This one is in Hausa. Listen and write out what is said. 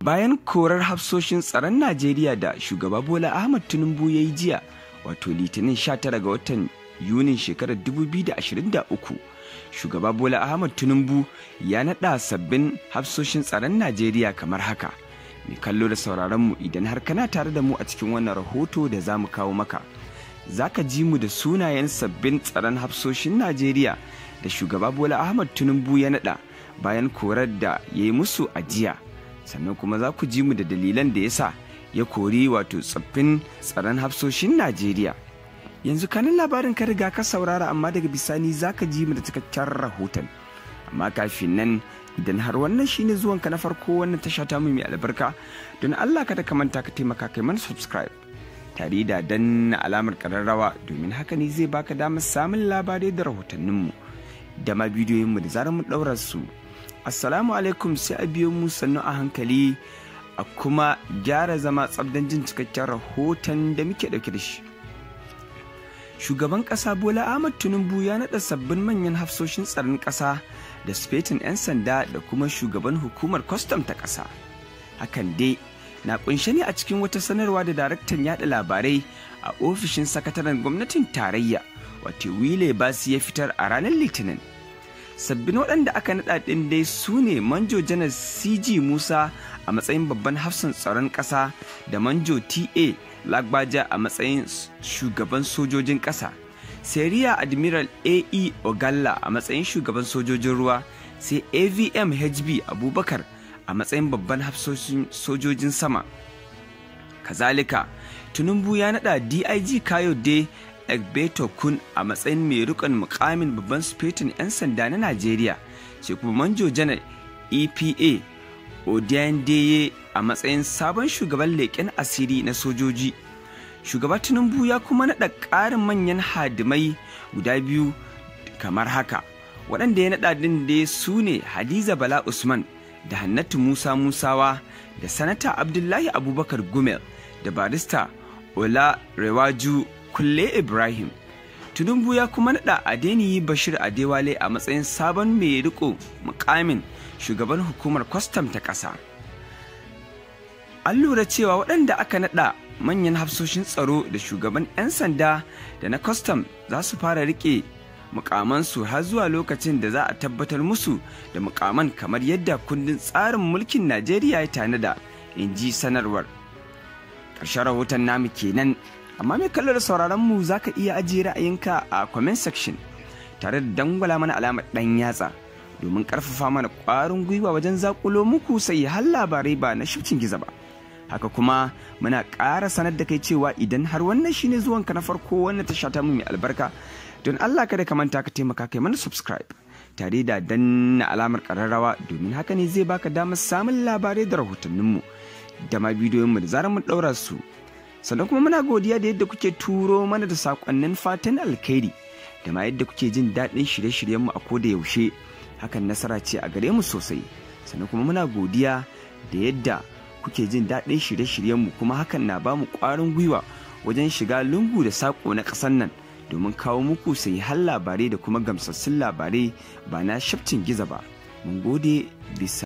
bayan korar hafsoshin tsaron najeriya da shugaba bola ahmad tinubu ya yi jiya wato litinin 19 ga watan yunin shekarar 2023 shugaba bola ahmad tinubu ya naɗa sabbin hafsoshin tsaron najeriya kamar haka mai kallo da sauraronmu idan har kana tare da mu a cikin wannan rahoto da za mu kawo maka zaka ka ji mu da sunayen sabbin tsaron hafsoshin najeriya da shugaba bola ahmad tinubu ya naɗa bayan korar da ya yi musu a jiya sannan kuma za ku ji mu da dalilan da ya sa ya kori wato tsaffin tsaron hafsoshin najeriya yanzu kanin labarin ka riga ka saurara amma daga bisani za ka ji mu da cikakken rahoton amma kafin nan idan har wannan shine zuwanka na farko wannan tasha ta mai albarka don allah ka da kamanta ka taimaka kai mana subscribe tare da danna alamar kararrawa domin haka ne zai baka damar samun labarai da rahotanninmu da ma bidiyoyinmu da zarar mu ɗaura su assalamu alaikum sai a biyo mu sannu a hankali a kuma gyara zama tsabdan jin cikakken rahoton da muke dauke da shi shugaban ƙasa bola ahmad tinubu ya naɗa sabbin manyan hafsoshin tsaron ƙasa da sufetin 'yan sanda da kuma shugaban hukumar kwastam ta ƙasa. hakan dai na kunshe ne a cikin wata sanarwa da daraktan yaɗa labarai a ofishin sakataren gwamnatin tarayya wato wile basi ya fitar a ranar litinin sabbin waɗanda aka naɗa ɗin dai su ne manjo janar cg musa a matsayin babban hafsan tsaron ƙasa da manjo ta lagbaja a matsayin shugaban sojojin ƙasa seriya admiral ae ogalla a matsayin shugaban sojojin ruwa sai avm hb abubakar a matsayin babban hafsoshin sojojin sama kazalika tunumbu ya naɗa dig kayode Egbeto Kun a matsayin mai rikon mukamin babban sufetin 'yan sanda na Najeriya, sai kuma manjo janar EPA Odiyandeye a matsayin sabon shugaban leƙen asiri na sojoji. Shugaba Tinubu ya kuma naɗa ƙarin manyan hadimai guda biyu kamar haka, waɗanda ya naɗa din da su ne Hadiza Bala Usman da Hannatu Musa Musawa da Sanata Abdullahi Abubakar Gumel da Barista Ola Rewaju kulle ibrahim tinubu ya kuma nada adeniyi bashir adewale a matsayin sabon mai riko mukamin shugaban hukumar kwastam ta ƙasa an lura cewa waɗanda aka naɗa manyan hafsoshin tsaro da shugaban 'yan sanda da na kwastam za su fara riƙe mukamansu har zuwa lokacin da za a tabbatar musu da mukaman kamar yadda kundin tsarin mulkin najeriya ya tanada in ji sanarwar ƙarshen rahoton namu kenan amma mai kallar da sauraron mu zaka iya ajiye ra'ayinka a comment section tare da dangwala mana alamar dan yatsa domin karfafa mana kwarin gwiwa wajen zakulo muku sai har labarai ba na shifcin giza ba haka kuma muna ƙara sanar da kai cewa idan har wannan shine zuwan ka na farko wannan ta ta mu mai albarka don Allah kada ka manta ka taimaka kai mana subscribe tare da danna alamar ƙararrawa domin haka ne zai baka damar samun labarai da rahotanninmu da ma bidiyoyinmu da zarar mun daura su sannan kuma muna godiya da yadda kuke turo mana da sakonnin fatan alkhairi da ma yadda kuke jin daɗin shirye-shiryenmu a koda yaushe hakan nasara ce a gare mu sosai sannan kuma muna godiya da yadda kuke jin daɗin shirye-shiryenmu kuma hakan na bamu ƙwarin gwiwa wajen shiga lungu da saƙo na ƙasar nan domin kawo muku sai har labarai da kuma gamsassun labarai ba na shafcin giza ba mun gode bisa